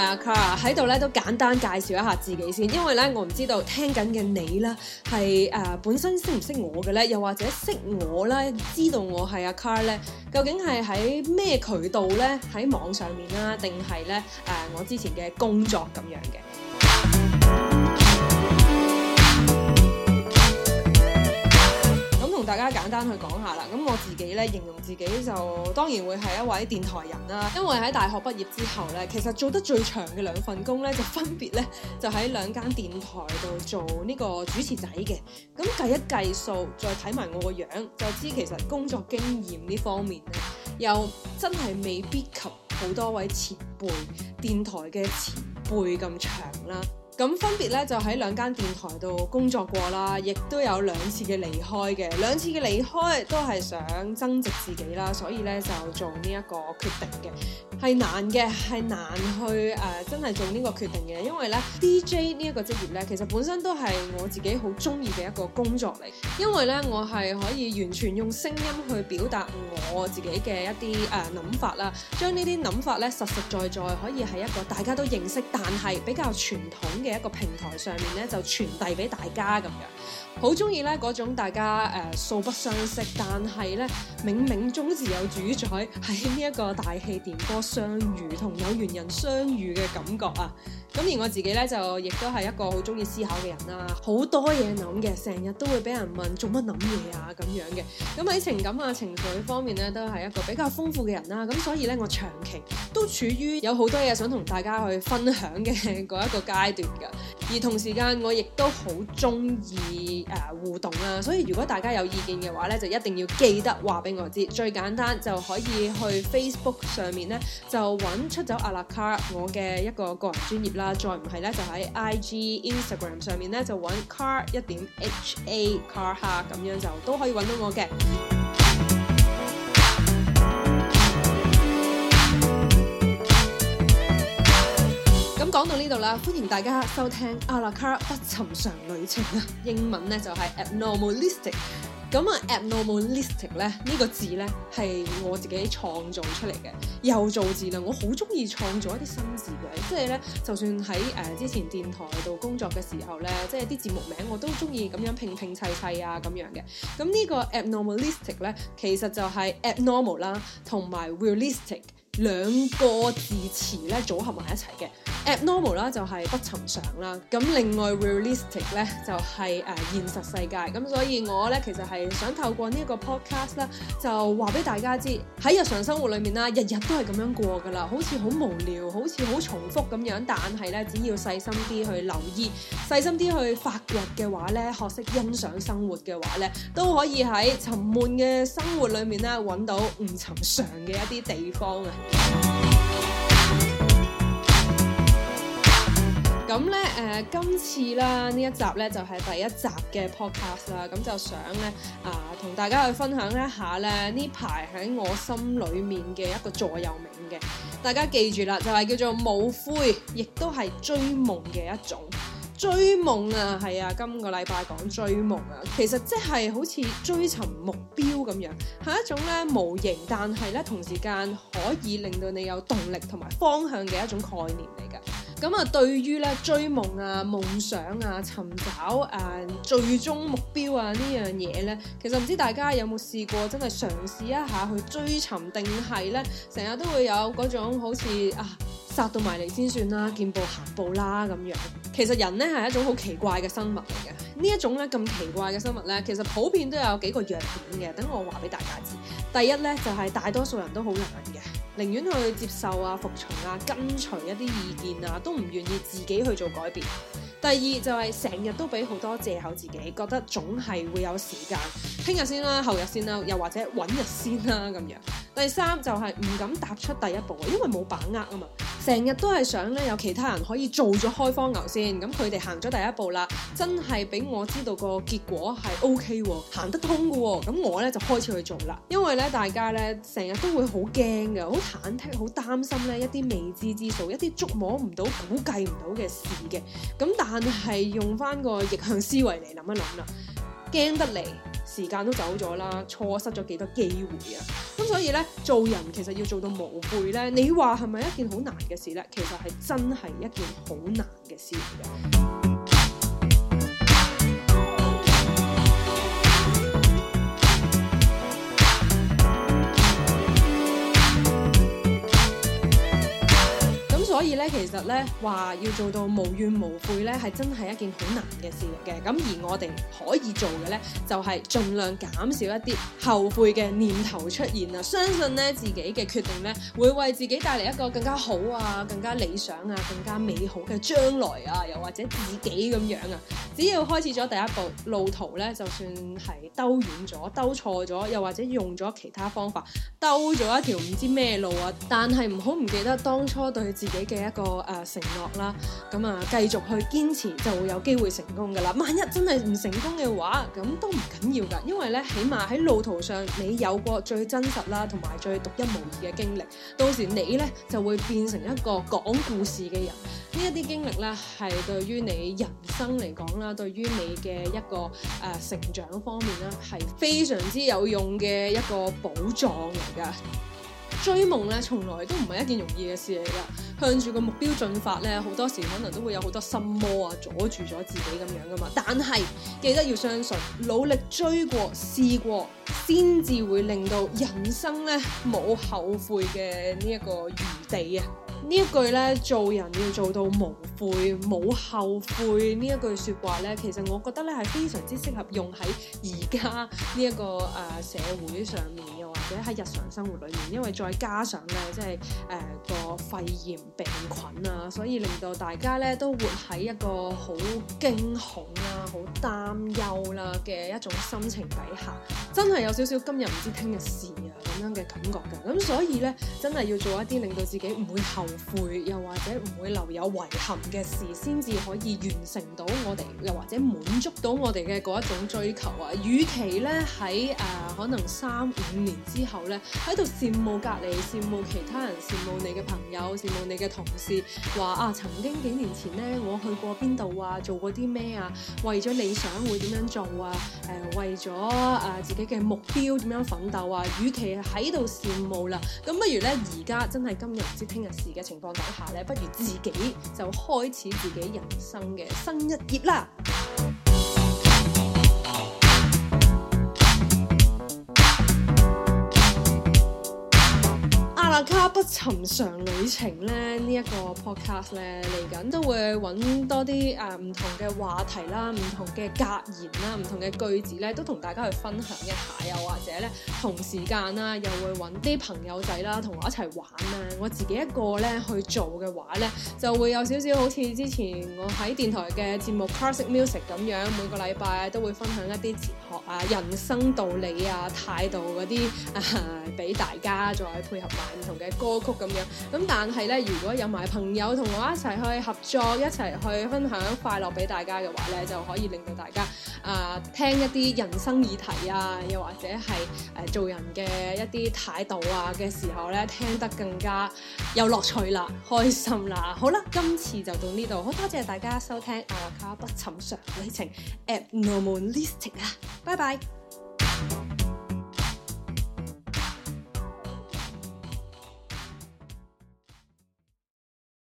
阿 Car 喺度咧都簡單介紹一下自己先，因為咧我唔知道聽緊嘅你啦，係誒本身識唔識我嘅咧，又或者識我咧，知道我係阿 Car 咧，究竟係喺咩渠道咧？喺網上面啦，定係咧誒我之前嘅工作咁樣嘅。翻去講下啦，咁我自己咧形容自己就當然會係一位電台人啦，因為喺大學畢業之後咧，其實做得最長嘅兩份工咧，就分別咧就喺兩間電台度做呢個主持仔嘅。咁計一計數，再睇埋我個樣，就知其實工作經驗呢方面咧，又真係未必及好多位前輩電台嘅前輩咁長啦。咁分別咧就喺兩間電台度工作過啦，亦都有兩次嘅離開嘅，兩次嘅離開都係想增值自己啦，所以咧就做呢一個決定嘅，係難嘅，係難去誒、呃、真係做呢個決定嘅，因為咧 DJ 呢一個職業咧，其實本身都係我自己好中意嘅一個工作嚟，因為咧我係可以完全用聲音去表達我自己嘅一啲誒諗法啦，將呢啲諗法咧實實在在，在可以係一個大家都認識，但係比較傳統嘅。一個平台上面咧就傳遞俾大家咁樣，好中意咧嗰種大家誒、呃、素不相識，但係咧冥冥中自有主宰喺呢一個大氣電波相遇同有緣人相遇嘅感覺啊！咁而我自己咧就亦都係一個好中意思考嘅人啦，好多嘢諗嘅，成日都會俾人問做乜諗嘢啊咁樣嘅。咁喺情感啊情緒方面咧，都係一個比較豐富嘅人啦。咁所以咧，我長期都處於有好多嘢想同大家去分享嘅嗰一個階段嘅。而同時間我亦都好中意誒互動啦，所以如果大家有意見嘅話咧，就一定要記得話俾我知。最簡單就可以去 Facebook 上面咧就揾出走阿勒 CAR 我嘅一個個人專業。啦，再唔係咧，就喺 I G Instagram 上面咧，就揾 car 一點 h a car 哈咁樣就都可以揾到我嘅。咁講 到呢度啦，歡迎大家收聽《阿勒 CAR 不尋常旅程》啊，英文咧就係、是、abnormalistic。咁啊，abnormalistic 咧呢個字咧係我自己創造出嚟嘅，又造字啦！我好中意創造一啲新字嘅，即係咧，就算喺誒、呃、之前電台度工作嘅時候咧，即係啲節目名我都中意咁樣拼拼砌砌啊咁樣嘅。咁呢個 abnormalistic 咧，其實就係 abnormal 啦，同埋 realistic。兩個字詞咧組合埋一齊嘅 abnormal 啦，就係不尋常啦。咁另外 realistic 咧，就係誒現實世界。咁所以我咧其實係想透過呢一個 podcast 啦，就話俾大家知喺日常生活裏面啦，日日都係咁樣過噶啦，好似好無聊，好似好重複咁樣。但係咧，只要細心啲去留意，細心啲去發掘嘅話咧，學識欣賞生活嘅話咧，都可以喺沉悶嘅生活裏面咧揾到唔尋常嘅一啲地方啊！咁咧，誒、呃，今次啦，呢一集咧就係、是、第一集嘅 podcast 啦，咁就想咧啊、呃，同大家去分享一下咧，呢排喺我心裏面嘅一個座右銘嘅，大家記住啦，就係、是、叫做冇悔，亦都係追夢嘅一種。追夢啊，係啊，今個禮拜講追夢啊，其實即係好似追尋目標咁樣，係一種咧無形，但係咧同時間可以令到你有動力同埋方向嘅一種概念嚟㗎。咁、嗯、啊，對於咧追夢啊、夢想啊、尋找啊最終目標啊樣呢樣嘢咧，其實唔知大家有冇試過真係嘗試一下去追尋，定係咧成日都會有嗰種好似啊殺到埋嚟先算啦，見步行步啦咁樣。其實人咧係一種好奇怪嘅生物嚟嘅，呢一種咧咁奇怪嘅生物咧，其實普遍都有幾個弱點嘅。等我話俾大家知，第一咧就係、是、大多數人都好懶嘅，寧願去接受啊、服從啊、跟隨一啲意見啊，都唔願意自己去做改變。第二就係成日都俾好多借口，自己覺得總係會有時間。聽日先啦，後日先啦，又或者揾日先啦咁樣。第三就係唔敢踏出第一步，因為冇把握啊嘛，成日都係想咧有其他人可以做咗開荒牛先，咁佢哋行咗第一步啦，真係俾我知道個結果係 OK 喎，行得通嘅喎，咁我咧就開始去做啦。因為咧大家咧成日都會好驚嘅，好忐忑，好擔心咧一啲未知之數，一啲捉摸唔到、估計唔到嘅事嘅。咁但係用翻個逆向思維嚟諗一諗啦，驚得嚟。時間都走咗啦，錯失咗幾多機會啊！咁所以咧，做人其實要做到無悔咧，你話係咪一件好難嘅事咧？其實係真係一件好難嘅事嚟嘅。其實咧話要做到無怨無悔咧，係真係一件好難嘅事嚟嘅。咁而我哋可以做嘅咧，就係盡量減少一啲後悔嘅念頭出現啊！相信咧自己嘅決定咧，會為自己帶嚟一個更加好啊、更加理想啊、更加美好嘅將來啊！又或者自己咁樣啊，只要開始咗第一步，路途咧就算係兜遠咗、兜錯咗，又或者用咗其他方法兜咗一條唔知咩路啊，但係唔好唔記得當初對自己嘅一個。個誒、呃、承諾啦，咁啊繼續去堅持就會有機會成功噶啦。萬一真係唔成功嘅話，咁都唔緊要噶，因為咧起碼喺路途上你有過最真實啦，同埋最獨一無二嘅經歷，到時你咧就會變成一個講故事嘅人。呢一啲經歷咧係對於你人生嚟講啦，對於你嘅一個誒、呃、成長方面啦，係非常之有用嘅一個寶藏嚟噶。追夢咧，從來都唔係一件容易嘅事嚟㗎。向住個目標進發咧，好多時可能都會有好多心魔啊，阻住咗自己咁樣㗎嘛。但係記得要相信，努力追過、試過，先至會令到人生咧冇後悔嘅呢一個餘地啊！呢一句咧，做人要做到無悔、冇後悔呢一句說話咧，其實我覺得咧係非常之適合用喺而家呢一個誒、呃、社會上面。或者喺日常生活裏面，因為再加上咧，即係誒、呃、個肺炎病菌啊，所以令到大家咧都活喺一個好驚恐啊，好擔憂啦嘅一種心情底下，真係有少少今日唔知聽日事啊咁樣嘅感覺嘅。咁所以咧，真係要做一啲令到自己唔會後悔，又或者唔會留有遺憾嘅事，先至可以完成到我哋，又或者滿足到我哋嘅嗰一種追求啊。與其咧喺誒可能三五年之，之後咧喺度羨慕隔籬，羨慕其他人，羨慕你嘅朋友，羨慕你嘅同事，話啊曾經幾年前咧我去過邊度啊，做過啲咩啊，為咗理想會點樣做啊？誒、呃，為咗誒、呃、自己嘅目標點樣奮鬥啊？與其喺度羨慕啦，咁不如咧而家真係今日唔知聽日事嘅情況底下咧，不如自己就開始自己人生嘅新一頁啦。《卡不尋常旅程》咧呢一，這個 podcast 咧嚟緊都會揾多啲誒唔同嘅話題啦、唔同嘅格言啦、唔同嘅句子咧，都同大家去分享一下，又或者咧同時間啦，又會揾啲朋友仔啦同我一齊玩啊，我自己一個咧去做嘅話咧，就會有少少好似之前我喺電台嘅節目《Classic Music》咁樣，每個禮拜都會分享一啲哲學啊、人生道理啊、態度啲啊，俾、呃、大家再配合埋，唔同嘅歌曲咁樣，咁但係咧，如果有埋朋友同我一齊去合作，一齊去分享快樂俾大家嘅話咧，就可以令到大家啊聽一啲人生議題啊，又或者係誒做人嘅一啲態度啊嘅時候咧，聽得更加有樂趣啦，開心啦。好啦，今次就到呢度，好多謝大家收聽《阿勒 CAR 不尋常旅程》App Normalistic 啊，拜拜。